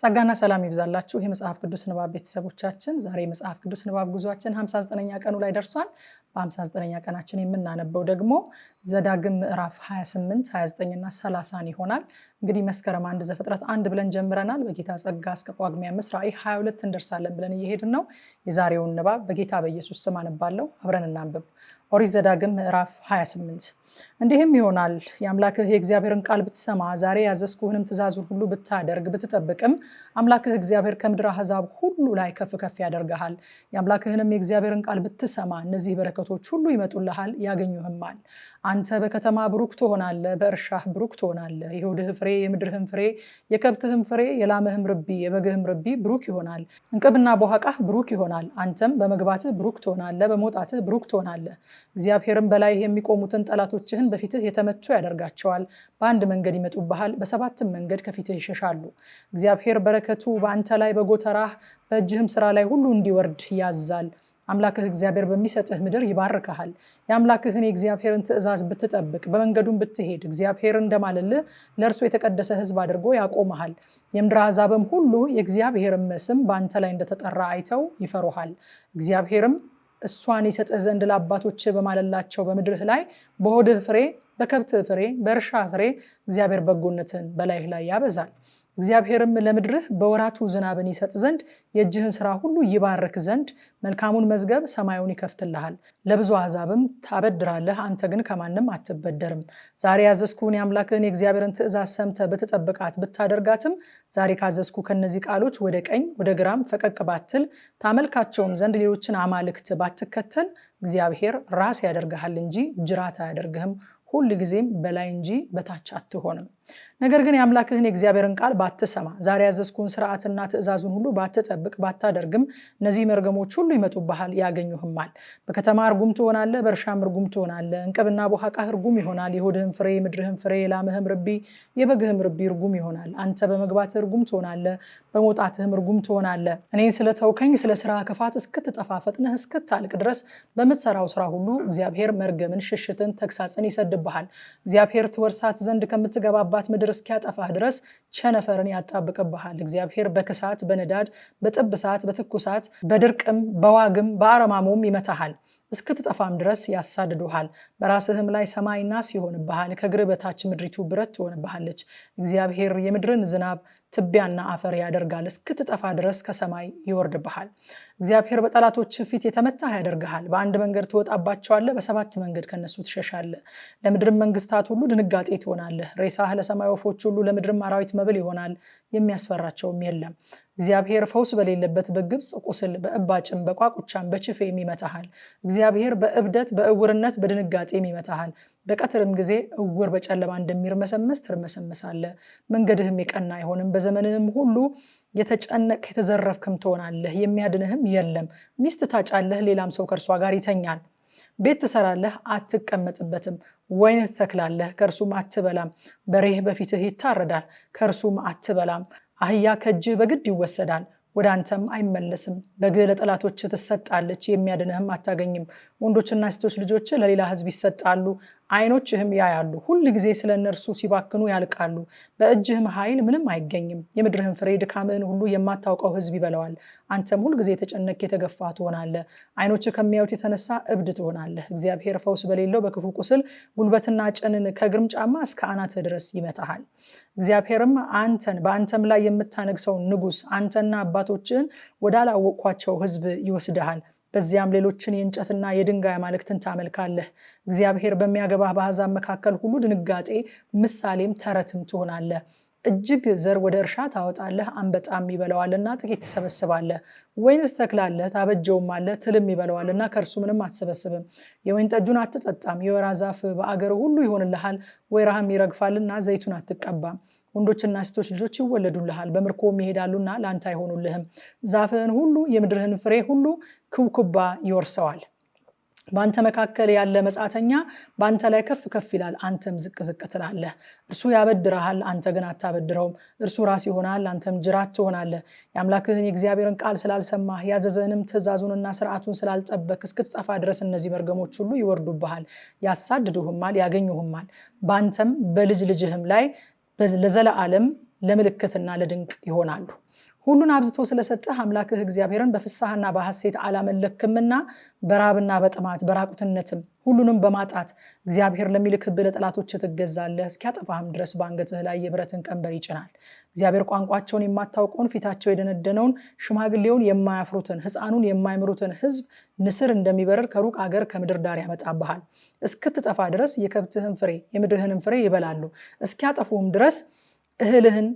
ጸጋና ሰላም ይብዛላችሁ የመጽሐፍ ቅዱስ ንባብ ቤተሰቦቻችን። ዛሬ የመጽሐፍ ቅዱስ ንባብ ጉዟችን 59ኛ ቀኑ ላይ ደርሷል። በ59ኛ ቀናችን የምናነበው ደግሞ ዘዳግም ምዕራፍ 28፣ 29ና 30 ይሆናል። እንግዲህ መስከረም አንድ ዘፍጥረት አንድ ብለን ጀምረናል። በጌታ ጸጋ እስከ ጳጉሜ አምስት ራእይ 22 እንደርሳለን ብለን እየሄድን ነው። የዛሬውን ንባብ በጌታ በኢየሱስ ስም አነባለሁ። አብረን እናንብብ። ኦሪት ዘዳግም ምዕራፍ 28 እንዲህም ይሆናል የአምላክህ የእግዚአብሔርን ቃል ብትሰማ ዛሬ ያዘዝኩህንም ትእዛዙን ሁሉ ብታደርግ ብትጠብቅም አምላክህ እግዚአብሔር ከምድር አሕዛብ ሁሉ ላይ ከፍ ከፍ ያደርግሃል። የአምላክህንም የእግዚአብሔርን ቃል ብትሰማ እነዚህ በረከቶች ሁሉ ይመጡልሃል፣ ያገኙህማል። አንተ በከተማ ብሩክ ትሆናለህ፣ በእርሻህ ብሩክ ትሆናለህ። የሆድህ ፍሬ፣ የምድርህም ፍሬ፣ የከብትህም ፍሬ፣ የላምህም ርቢ፣ የበግህም ርቢ ብሩክ ይሆናል። እንቅብና በኋቃህ ብሩክ ይሆናል። አንተም በመግባትህ ብሩክ ትሆናለህ፣ በመውጣትህ ብሩክ ትሆናለህ። እግዚአብሔርም በላይህ የሚቆሙትን ጠላቶችህን በፊትህ የተመቱ ያደርጋቸዋል። በአንድ መንገድ ይመጡብሃል፣ በሰባትም መንገድ ከፊትህ ይሸሻሉ። እግዚአብሔር በረከቱ በአንተ ላይ በጎተራህ በእጅህም ስራ ላይ ሁሉ እንዲወርድ ያዛል። አምላክህ እግዚአብሔር በሚሰጥህ ምድር ይባርከሃል። የአምላክህን የእግዚአብሔርን ትእዛዝ ብትጠብቅ በመንገዱን ብትሄድ እግዚአብሔር እንደማለልህ ለእርሱ የተቀደሰ ሕዝብ አድርጎ ያቆመሃል። የምድር አሕዛብም ሁሉ የእግዚአብሔርም ስም በአንተ ላይ እንደተጠራ አይተው ይፈሩሃል። እግዚአብሔርም እሷን ይሰጥህ ዘንድ ለአባቶች በማለላቸው በምድርህ ላይ በሆድህ ፍሬ በከብትህ ፍሬ በእርሻ ፍሬ እግዚአብሔር በጎነትን በላይህ ላይ ያበዛል። እግዚአብሔርም ለምድርህ በወራቱ ዝናብን ይሰጥ ዘንድ የእጅህን ስራ ሁሉ ይባርክ ዘንድ መልካሙን መዝገብ ሰማዩን ይከፍትልሃል። ለብዙ አሕዛብም ታበድራለህ፣ አንተ ግን ከማንም አትበደርም። ዛሬ ያዘዝኩህን የአምላክህን የእግዚአብሔርን ትእዛዝ ሰምተህ ብትጠብቃት ብታደርጋትም፣ ዛሬ ካዘዝኩ ከነዚህ ቃሎች ወደ ቀኝ ወደ ግራም ፈቀቅ ባትል፣ ታመልካቸውም ዘንድ ሌሎችን አማልክት ባትከተል፣ እግዚአብሔር ራስ ያደርግሃል እንጂ ጅራት አያደርግህም። ሁል ጊዜም በላይ እንጂ በታች አትሆንም። ነገር ግን የአምላክህን የእግዚአብሔርን ቃል ባትሰማ፣ ዛሬ ያዘዝኩን ስርዓትና ትእዛዙን ሁሉ ባትጠብቅ፣ ባታደርግም እነዚህ መርገሞች ሁሉ ይመጡብሃል፣ ያገኙህማል። በከተማ እርጉም ትሆናለህ፣ በእርሻም እርጉም ትሆናለህ። እንቅብና ቦሃቃህ እርጉም ይሆናል። የሆድህም ፍሬ፣ የምድርህም ፍሬ፣ የላምህም ርቢ፣ የበግህም ርቢ እርጉም ይሆናል። አንተ በመግባትህ እርጉም ትሆናለህ፣ በመውጣትህም እርጉም ትሆናለህ። እኔን ስለተውከኝ ስለ ስራ ክፋት እስክትጠፋ ፈጥነህ እስክታልቅ ድረስ በምትሰራው ስራ ሁሉ እግዚአብሔር መርገምን፣ ሽሽትን፣ ተግሳጽን ይሰድብሃል። እግዚአብሔር ትወርሳት ዘንድ ከምትገባባ ከሞትክባት ምድር እስኪያጠፋህ ድረስ ቸነፈርን ያጣብቅብሃል። እግዚአብሔር በክሳት፣ በነዳድ በጥብሳት፣ በትኩሳት፣ በድርቅም፣ በዋግም፣ በአረማሞም ይመታሃል። እስክትጠፋም ድረስ ያሳድዱሃል። በራስህም ላይ ሰማይ ናስ ይሆንብሃል፣ በታች ምድሪቱ ብረት ትሆንብሃለች። እግዚአብሔር የምድርን ዝናብ ትቢያና አፈር ያደርጋል፣ እስክትጠፋ ድረስ ከሰማይ ይወርድብሃል። እግዚአብሔር በጠላቶች ፊት የተመታህ ያደርግሃል። በአንድ መንገድ ትወጣባቸዋለህ፣ በሰባት መንገድ ከነሱ ትሸሻለህ። ለምድርም መንግስታት ሁሉ ድንጋጤ ትሆናለህ። ሬሳህ ለሰማይ ወፎች ሁሉ ለምድርም አራዊት መብል ይሆናል፣ የሚያስፈራቸውም የለም። እግዚአብሔር ፈውስ በሌለበት በግብፅ ቁስል በእባጭም በቋቁቻም በችፌም ይመታሃል። እግዚአብሔር በእብደት በእውርነት በድንጋጤም ይመታሃል። በቀትርም ጊዜ እውር በጨለማ እንደሚርመሰመስ ትርመሰመሳለህ። መንገድህም የቀና አይሆንም። በዘመንህም ሁሉ የተጨነቅ የተዘረፍክም ትሆናለህ። የሚያድንህም የለም። ሚስት ታጫለህ፣ ሌላም ሰው ከእርሷ ጋር ይተኛል። ቤት ትሰራለህ፣ አትቀመጥበትም። ወይን ትተክላለህ፣ ከእርሱም አትበላም። በሬህ በፊትህ ይታረዳል፣ ከእርሱም አትበላም። አህያ ከእጅህ በግድ ይወሰዳል፣ ወደ አንተም አይመለስም። በግህ ለጠላቶች ትሰጣለች፣ የሚያድንህም አታገኝም። ወንዶችና ሴቶች ልጆች ለሌላ ህዝብ ይሰጣሉ፣ አይኖችህም ያያሉ። ሁል ጊዜ ስለ እነርሱ ሲባክኑ ያልቃሉ። በእጅህም ኃይል ምንም አይገኝም። የምድርህን ፍሬ ድካምህን ሁሉ የማታውቀው ሕዝብ ይበላዋል። አንተም ሁል ጊዜ የተጨነቅ የተገፋ ትሆናለህ። አይኖችህ ከሚያዩት የተነሳ እብድ ትሆናለህ። እግዚአብሔር ፈውስ በሌለው በክፉ ቁስል ጉልበትና ጭንን ከግርም ጫማ እስከ አናተ ድረስ ይመታሃል። እግዚአብሔርም አንተን በአንተም ላይ የምታነግሰውን ንጉስ አንተና አባቶችህን ወዳላወቅኳቸው ሕዝብ ይወስድሃል በዚያም ሌሎችን የእንጨትና የድንጋይ አማልክትን ታመልካለህ። እግዚአብሔር በሚያገባህ በአሕዛብ መካከል ሁሉ ድንጋጤ ምሳሌም ተረትም ትሆናለህ። እጅግ ዘር ወደ እርሻ ታወጣለህ፣ አንበጣም ይበለዋልና ጥቂት ትሰበስባለህ። ወይንስ ታበጀውም አለ፣ ትልም ይበለዋልና ከእርሱ ምንም አትሰበስብም። የወይን ጠጁን አትጠጣም፣ የወይራ ዛፍ በአገር ሁሉ ይሆንልሃል፣ ወይራህም ይረግፋልና ዘይቱን አትቀባም። ወንዶችና ሴቶች ልጆች ይወለዱልሃል፣ በምርኮም ይሄዳሉና ለአንተ አይሆኑልህም። ዛፍህን ሁሉ የምድርህን ፍሬ ሁሉ ኩብኩባ ይወርሰዋል። በአንተ መካከል ያለ መጻተኛ በአንተ ላይ ከፍ ከፍ ይላል፣ አንተም ዝቅ ዝቅ ትላለህ። እርሱ ያበድረሃል፣ አንተ ግን አታበድረውም። እርሱ ራስ ይሆናል፣ አንተም ጅራት ትሆናለህ። የአምላክህን የእግዚአብሔርን ቃል ስላልሰማህ ያዘዘህንም ትእዛዙንና ስርዓቱን ስላልጠበቅ እስክትጠፋ ድረስ እነዚህ መርገሞች ሁሉ ይወርዱብሃል፣ ያሳድዱህማል፣ ያገኙህማል። በአንተም በልጅ ልጅህም ላይ ለዘለዓለም ለምልክትና ለድንቅ ይሆናሉ። ሁሉን አብዝቶ ስለሰጠህ አምላክህ እግዚአብሔርን በፍሳሐና በሐሴት አላመለክምና በራብና በጥማት በራቁትነትም ሁሉንም በማጣት እግዚአብሔር ለሚልክብህ ለጠላቶች ትገዛለህ፣ እስኪያጠፋህም ድረስ በአንገትህ ላይ የብረትን ቀንበር ይጭናል። እግዚአብሔር ቋንቋቸውን የማታውቀውን ፊታቸው የደነደነውን ሽማግሌውን የማያፍሩትን ሕፃኑን የማይምሩትን ሕዝብ ንስር እንደሚበርር ከሩቅ አገር ከምድር ዳር ያመጣብሃል። እስክትጠፋ ድረስ የከብትህን ፍሬ የምድርህንም ፍሬ ይበላሉ፣ እስኪያጠፉህም ድረስ እህልህን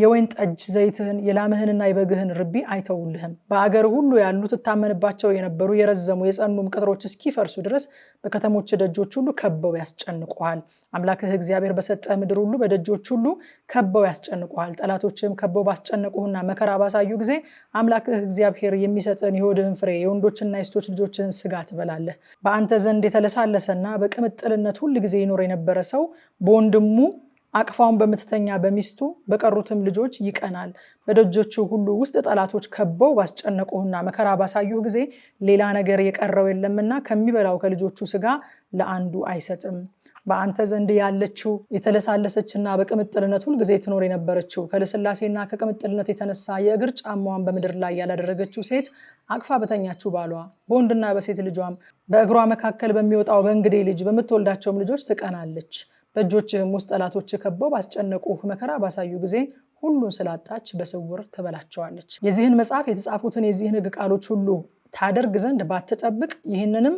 የወይን ጠጅ ዘይትህን የላምህንና የበግህን ርቢ አይተውልህም። በአገር ሁሉ ያሉ ትታመንባቸው የነበሩ የረዘሙ የጸኑም ቅጥሮች እስኪፈርሱ ድረስ በከተሞች ደጆች ሁሉ ከበው ያስጨንቁሃል። አምላክህ እግዚአብሔር በሰጠ ምድር ሁሉ በደጆች ሁሉ ከበው ያስጨንቁሃል። ጠላቶችህም ከበው ባስጨነቁህና መከራ ባሳዩ ጊዜ አምላክህ እግዚአብሔር የሚሰጥን የሆድህን ፍሬ የወንዶችና የሴቶች ልጆችህን ስጋ ትበላለህ። በአንተ ዘንድ የተለሳለሰና በቅምጥልነት ሁል ጊዜ ይኖር የነበረ ሰው በወንድሙ አቅፋውን በምትተኛ በሚስቱ በቀሩትም ልጆች ይቀናል። በደጆቹ ሁሉ ውስጥ ጠላቶች ከበው ባስጨነቁህና መከራ ባሳዩህ ጊዜ ሌላ ነገር የቀረው የለምና ከሚበላው ከልጆቹ ስጋ ለአንዱ አይሰጥም። በአንተ ዘንድ ያለችው የተለሳለሰችና በቅምጥልነት ጊዜ ትኖር የነበረችው ከልስላሴና ከቅምጥልነት የተነሳ የእግር ጫማዋን በምድር ላይ ያላደረገችው ሴት አቅፋ በተኛችው ባሏ በወንድና በሴት ልጇም በእግሯ መካከል በሚወጣው በእንግዴ ልጅ በምትወልዳቸውም ልጆች ትቀናለች። በእጆችህም ውስጥ ጠላቶች ከበው ባስጨነቁህ መከራ ባሳዩ ጊዜ ሁሉን ስላጣች በስውር ትበላቸዋለች። የዚህን መጽሐፍ የተጻፉትን የዚህን ሕግ ቃሎች ሁሉ ታደርግ ዘንድ ባትጠብቅ፣ ይህንንም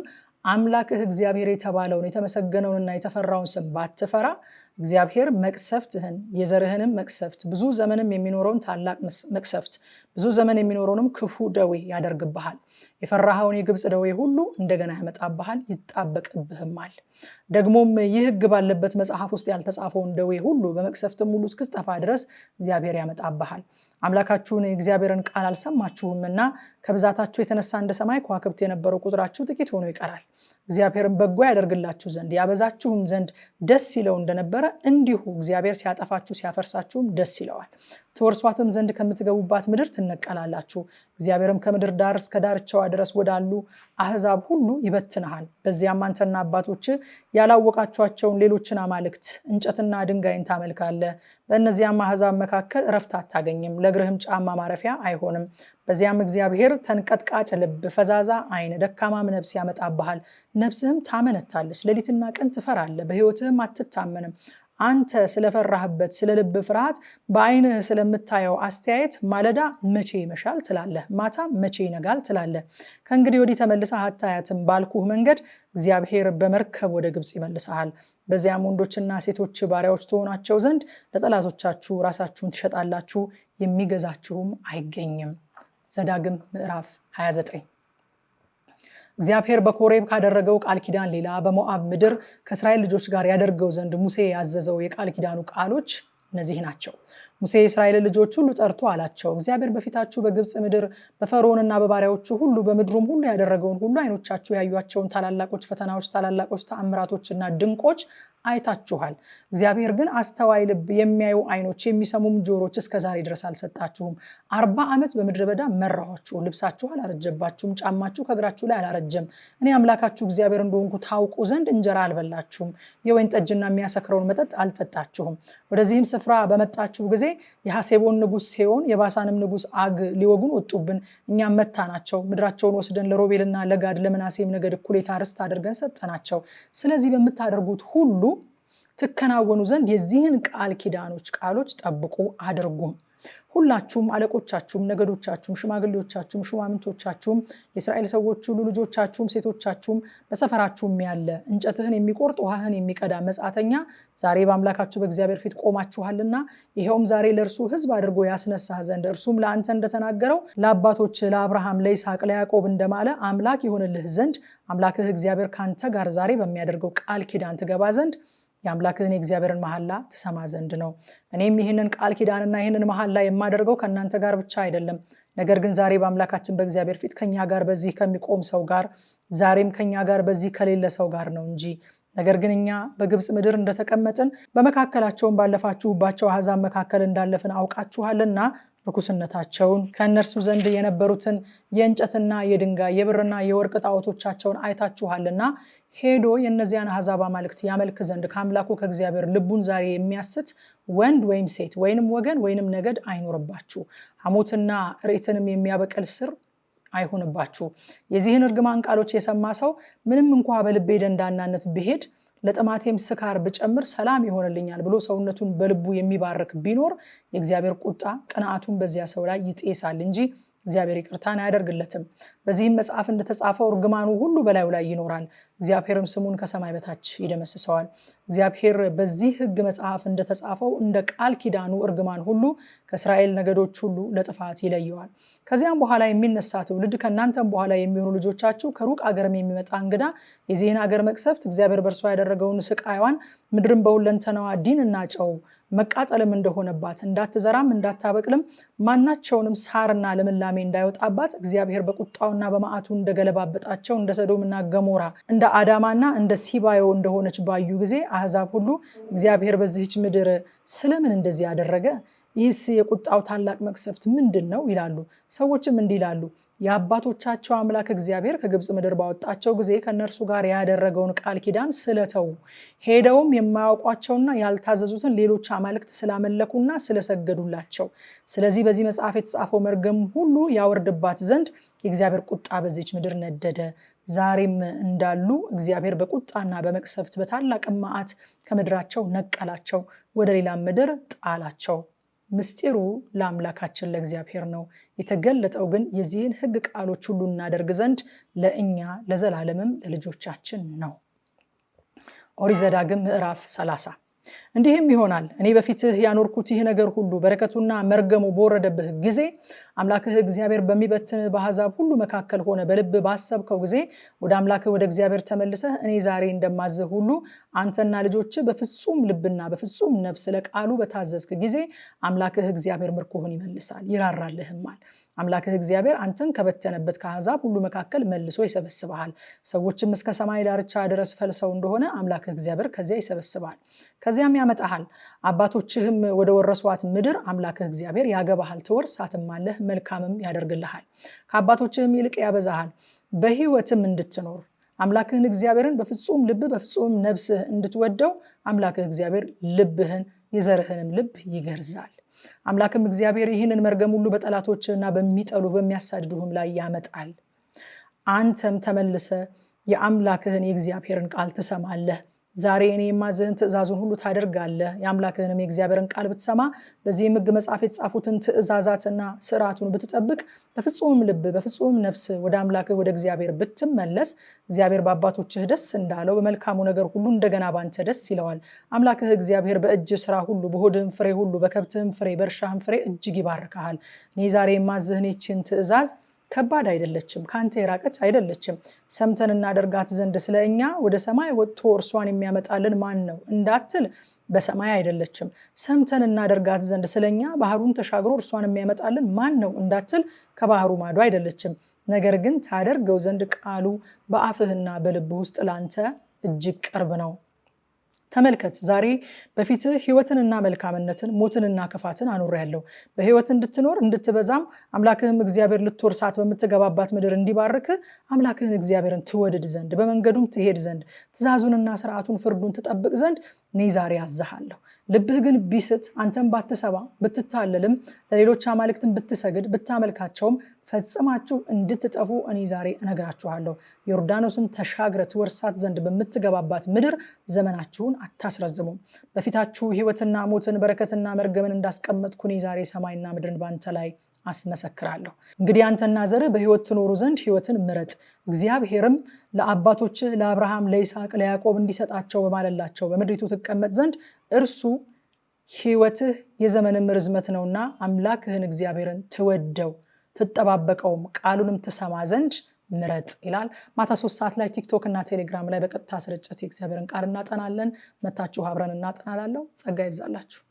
አምላክህ እግዚአብሔር የተባለውን የተመሰገነውንና የተፈራውን ስም ባትፈራ እግዚአብሔር መቅሰፍትህን የዘርህንም መቅሰፍት ብዙ ዘመንም የሚኖረውን ታላቅ መቅሰፍት ብዙ ዘመን የሚኖረውንም ክፉ ደዌ ያደርግብሃል። የፈራኸውን የግብፅ ደዌ ሁሉ እንደገና ያመጣብሃል፣ ይጣበቅብህማል። ደግሞም ይህ ሕግ ባለበት መጽሐፍ ውስጥ ያልተጻፈውን ደዌ ሁሉ በመቅሰፍትም ሁሉ እስክትጠፋ ድረስ እግዚአብሔር ያመጣብሃል። አምላካችሁን የእግዚአብሔርን ቃል አልሰማችሁም እና ከብዛታችሁ የተነሳ እንደ ሰማይ ከዋክብት የነበረው ቁጥራችሁ ጥቂት ሆኖ ይቀራል። እግዚአብሔርን በጎ ያደርግላችሁ ዘንድ ያበዛችሁም ዘንድ ደስ ይለው እንደነበረ እንዲሁ እግዚአብሔር ሲያጠፋችሁ ሲያፈርሳችሁም ደስ ይለዋል። ትወርሷትም ዘንድ ከምትገቡባት ምድር ትነቀላላችሁ። እግዚአብሔርም ከምድር ዳር እስከ ዳርቻዋ ድረስ ወዳሉ አህዛብ ሁሉ ይበትንሃል። በዚያም አንተና አባቶች ያላወቃቸዋቸውን ሌሎችን አማልክት እንጨትና ድንጋይን ታመልካለ። በእነዚያም አህዛብ መካከል እረፍት አታገኝም፣ ለእግርህም ጫማ ማረፊያ አይሆንም። በዚያም እግዚአብሔር ተንቀጥቃጭ ልብ፣ ፈዛዛ አይን ደካማም ነፍስ ያመጣብሃል። ነብስህም ታመነታለች፣ ሌሊትና ቀን ትፈራለ፣ በህይወትህም አትታመንም። አንተ ስለፈራህበት ስለ ልብ ፍርሃት በአይንህ ስለምታየው አስተያየት ማለዳ መቼ ይመሻል ትላለህ፣ ማታ መቼ ይነጋል ትላለህ። ከእንግዲህ ወዲህ ተመልሰህ አታያትም ባልኩህ መንገድ እግዚአብሔር በመርከብ ወደ ግብፅ ይመልሰሃል። በዚያም ወንዶችና ሴቶች ባሪያዎች ትሆናቸው ዘንድ ለጠላቶቻችሁ ራሳችሁን ትሸጣላችሁ፣ የሚገዛችሁም አይገኝም። ዘዳግም ምዕራፍ 29 እግዚአብሔር በኮሬብ ካደረገው ቃል ኪዳን ሌላ በሞአብ ምድር ከእስራኤል ልጆች ጋር ያደርገው ዘንድ ሙሴ ያዘዘው የቃል ኪዳኑ ቃሎች እነዚህ ናቸው። ሙሴ የእስራኤል ልጆች ሁሉ ጠርቶ አላቸው፣ እግዚአብሔር በፊታችሁ በግብፅ ምድር በፈርዖንና በባሪያዎቹ ሁሉ በምድሩም ሁሉ ያደረገውን ሁሉ ዓይኖቻችሁ ያዩቸውን ታላላቆች ፈተናዎች፣ ታላላቆች ተአምራቶችና ድንቆች አይታችኋል። እግዚአብሔር ግን አስተዋይ ልብ፣ የሚያዩ አይኖች፣ የሚሰሙም ጆሮች እስከ ዛሬ ድረስ አልሰጣችሁም። አርባ ዓመት በምድረ በዳ መራኋችሁ፣ ልብሳችሁ አላረጀባችሁም፣ ጫማችሁ ከእግራችሁ ላይ አላረጀም። እኔ አምላካችሁ እግዚአብሔር እንደሆንኩ ታውቁ ዘንድ እንጀራ አልበላችሁም፣ የወይን ጠጅና የሚያሰክረውን መጠጥ አልጠጣችሁም። ወደዚህም ስፍራ በመጣችሁ ጊዜ የሐሴቦን ንጉሥ ሲሆን የባሳንም ንጉሥ አግ ሊወጉን ወጡብን፣ እኛም መታ ናቸው። ምድራቸውን ወስደን ለሮቤልና ለጋድ ለምናሴም ነገድ እኩሌታ ርስት አድርገን ሰጠናቸው። ስለዚህ በምታደርጉት ሁሉ ትከናወኑ ዘንድ የዚህን ቃል ኪዳኖች ቃሎች ጠብቁ አድርጉም። ሁላችሁም አለቆቻችሁም፣ ነገዶቻችሁም፣ ሽማግሌዎቻችሁም፣ ሹማምንቶቻችሁም፣ የእስራኤል ሰዎች ሁሉ ልጆቻችሁም፣ ሴቶቻችሁም፣ በሰፈራችሁም ያለ እንጨትህን የሚቆርጥ ውሃህን የሚቀዳ መጻተኛ ዛሬ በአምላካችሁ በእግዚአብሔር ፊት ቆማችኋልና ይኸውም ዛሬ ለእርሱ ሕዝብ አድርጎ ያስነሳህ ዘንድ እርሱም ለአንተ እንደተናገረው ለአባቶች ለአብርሃም፣ ለይስሐቅ፣ ለያዕቆብ እንደማለ አምላክ ይሆንልህ ዘንድ አምላክህ እግዚአብሔር ካንተ ጋር ዛሬ በሚያደርገው ቃል ኪዳን ትገባ ዘንድ የአምላክህን የእግዚአብሔርን መሐላ ትሰማ ዘንድ ነው። እኔም ይህንን ቃል ኪዳንና ይህንን መሐላ የማደርገው ከእናንተ ጋር ብቻ አይደለም፣ ነገር ግን ዛሬ በአምላካችን በእግዚአብሔር ፊት ከኛ ጋር በዚህ ከሚቆም ሰው ጋር፣ ዛሬም ከኛ ጋር በዚህ ከሌለ ሰው ጋር ነው እንጂ ነገር ግን እኛ በግብፅ ምድር እንደተቀመጥን በመካከላቸውን ባለፋችሁባቸው አሕዛብ መካከል እንዳለፍን አውቃችኋልና ርኩስነታቸውን ከእነርሱ ዘንድ የነበሩትን የእንጨትና የድንጋይ የብርና የወርቅ ጣዖቶቻቸውን አይታችኋልና ሄዶ የእነዚያን አሕዛብ አማልክት ያመልክ ዘንድ ከአምላኩ ከእግዚአብሔር ልቡን ዛሬ የሚያስት ወንድ ወይም ሴት ወይንም ወገን ወይንም ነገድ አይኖርባችሁ፣ ሐሞትና እሬትንም የሚያበቅል ስር አይሁንባችሁ። የዚህን እርግማን ቃሎች የሰማ ሰው ምንም እንኳ በልቤ ደንዳናነት ብሄድ ለጥማቴም ስካር ብጨምር ሰላም ይሆንልኛል ብሎ ሰውነቱን በልቡ የሚባርክ ቢኖር የእግዚአብሔር ቁጣ ቅንዓቱን በዚያ ሰው ላይ ይጤሳል እንጂ እግዚአብሔር ይቅርታን አያደርግለትም። በዚህም መጽሐፍ እንደተጻፈው እርግማኑ ሁሉ በላዩ ላይ ይኖራል፣ እግዚአብሔርም ስሙን ከሰማይ በታች ይደመስሰዋል። እግዚአብሔር በዚህ ሕግ መጽሐፍ እንደተጻፈው እንደ ቃል ኪዳኑ እርግማን ሁሉ ከእስራኤል ነገዶች ሁሉ ለጥፋት ይለየዋል። ከዚያም በኋላ የሚነሳ ትውልድ ከእናንተም በኋላ የሚሆኑ ልጆቻችሁ ከሩቅ አገርም የሚመጣ እንግዳ የዚህን አገር መቅሰፍት እግዚአብሔር በእርሷ ያደረገውን ስቃይዋን ምድርን በሁለንተናዋ ዲን እና ጨው መቃጠልም እንደሆነባት እንዳትዘራም እንዳታበቅልም ማናቸውንም ሳርና ልምላሜ እንዳይወጣባት እግዚአብሔር በቁጣውና በመዓቱ እንደገለባበጣቸው እንደ ሰዶምና ገሞራ እንደ አዳማና እንደ ሲባዮ እንደሆነች ባዩ ጊዜ አህዛብ ሁሉ እግዚአብሔር በዚህች ምድር ስለምን እንደዚህ አደረገ ይህስ የቁጣው ታላቅ መቅሰፍት ምንድን ነው ይላሉ። ሰዎችም እንዲህ ይላሉ፣ የአባቶቻቸው አምላክ እግዚአብሔር ከግብፅ ምድር ባወጣቸው ጊዜ ከእነርሱ ጋር ያደረገውን ቃል ኪዳን ስለተዉ፣ ሄደውም የማያውቋቸውና ያልታዘዙትን ሌሎች አማልክት ስላመለኩና ስለሰገዱላቸው፣ ስለዚህ በዚህ መጽሐፍ የተጻፈው መርገም ሁሉ ያወርድባት ዘንድ የእግዚአብሔር ቁጣ በዚች ምድር ነደደ። ዛሬም እንዳሉ እግዚአብሔር በቁጣና በመቅሰፍት በታላቅ መዓት ከምድራቸው ነቀላቸው፣ ወደ ሌላም ምድር ጣላቸው። ምስጢሩ ለአምላካችን ለእግዚአብሔር ነው። የተገለጠው ግን የዚህን ሕግ ቃሎች ሁሉ እናደርግ ዘንድ ለእኛ ለዘላለምም ለልጆቻችን ነው። ኦሪት ዘዳግም ምዕራፍ 30 እንዲህም ይሆናል እኔ በፊትህ ያኖርኩት ይህ ነገር ሁሉ በረከቱና መርገሙ በወረደብህ ጊዜ አምላክህ እግዚአብሔር በሚበትን በአሕዛብ ሁሉ መካከል ሆነ በልብ ባሰብከው ጊዜ ወደ አምላክህ ወደ እግዚአብሔር ተመልሰህ እኔ ዛሬ እንደማዝህ ሁሉ አንተና ልጆች በፍጹም ልብና በፍጹም ነፍስ ለቃሉ በታዘዝክ ጊዜ አምላክህ እግዚአብሔር ምርኮህን ይመልሳል ይራራልህማል። አምላክህ እግዚአብሔር አንተን ከበተነበት ከአሕዛብ ሁሉ መካከል መልሶ ይሰበስበሃል። ሰዎችም እስከ ሰማይ ዳርቻ ድረስ ፈልሰው እንደሆነ አምላክህ እግዚአብሔር ከዚያ ይሰበስበሃል፣ ከዚያም ያመጣሃል። አባቶችህም ወደ ወረሷት ምድር አምላክህ እግዚአብሔር ያገባሃል፣ ትወርሳትማለህ፣ መልካምም ያደርግልሃል፣ ከአባቶችህም ይልቅ ያበዛሃል። በሕይወትም እንድትኖር አምላክህን እግዚአብሔርን በፍጹም ልብ በፍጹም ነብስህ እንድትወደው አምላክህ እግዚአብሔር ልብህን የዘርህንም ልብ ይገርዛል። አምላክም እግዚአብሔር ይህንን መርገም ሁሉ በጠላቶችና በሚጠሉ በሚያሳድዱህም ላይ ያመጣል። አንተም ተመልሰ የአምላክህን የእግዚአብሔርን ቃል ትሰማለህ ዛሬ እኔ የማዝህን ትእዛዙን ሁሉ ታደርጋለህ። የአምላክህንም የእግዚአብሔርን ቃል ብትሰማ በዚህም ሕግ መጽሐፍ የተጻፉትን ትእዛዛትና ስርዓቱን ብትጠብቅ በፍጹምም ልብ በፍጹምም ነፍስ ወደ አምላክህ ወደ እግዚአብሔር ብትመለስ እግዚአብሔር በአባቶችህ ደስ እንዳለው በመልካሙ ነገር ሁሉ እንደገና ባንተ ደስ ይለዋል። አምላክህ እግዚአብሔር በእጅ ስራ ሁሉ፣ በሆድህም ፍሬ ሁሉ፣ በከብትህም ፍሬ፣ በእርሻህም ፍሬ እጅግ ይባርክሃል። እኔ ዛሬ የማዝህን ትእዛዝ ከባድ አይደለችም፣ ከአንተ የራቀች አይደለችም። ሰምተን እናደርጋት ዘንድ ስለ እኛ ወደ ሰማይ ወጥቶ እርሷን የሚያመጣልን ማን ነው እንዳትል በሰማይ አይደለችም። ሰምተን እናደርጋት ዘንድ ስለ እኛ ባህሩን ተሻግሮ እርሷን የሚያመጣልን ማን ነው እንዳትል ከባህሩ ማዶ አይደለችም። ነገር ግን ታደርገው ዘንድ ቃሉ በአፍህና በልብህ ውስጥ ላንተ እጅግ ቅርብ ነው። ተመልከት ዛሬ በፊትህ ህይወትንና መልካምነትን ሞትንና ክፋትን ያለው በህይወት እንድትኖር እንድትበዛም አምላክህም እግዚአብሔር ልትወርሳት በምትገባባት ምድር እንዲባርክ አምላክህን እግዚአብሔርን ትወድድ ዘንድ በመንገዱም ትሄድ ዘንድ ትእዛዙንና ስርዓቱን ፍርዱን ትጠብቅ ዘንድ እኔ ዛሬ አዝሃለሁ። ልብህ ግን ቢስት አንተም ባትሰባ ብትታለልም ለሌሎች አማልክትን ብትሰግድ ብታመልካቸውም ፈጽማችሁ እንድትጠፉ እኔ ዛሬ እነግራችኋለሁ። ዮርዳኖስን ተሻግረ ትወርሳት ዘንድ በምትገባባት ምድር ዘመናችሁን አታስረዝሙም። በፊታችሁ ሕይወትና ሞትን በረከትና መርገምን እንዳስቀመጥኩ እኔ ዛሬ ሰማይና ምድርን ባንተ ላይ አስመሰክራለሁ። እንግዲህ አንተና ዘርህ በሕይወት ትኖሩ ዘንድ ሕይወትን ምረጥ፣ እግዚአብሔርም ለአባቶችህ ለአብርሃም፣ ለይስሐቅ፣ ለያዕቆብ እንዲሰጣቸው በማለላቸው በምድሪቱ ትቀመጥ ዘንድ እርሱ ሕይወትህ የዘመንም ርዝመት ነውና አምላክህን እግዚአብሔርን ትወደው ትጠባበቀውም ቃሉንም ትሰማ ዘንድ ምረጥ ይላል። ማታ ሶስት ሰዓት ላይ ቲክቶክ እና ቴሌግራም ላይ በቀጥታ ስርጭት የእግዚአብሔርን ቃል እናጠናለን። መታችሁ አብረን እናጠናላለው። ጸጋ ይብዛላችሁ።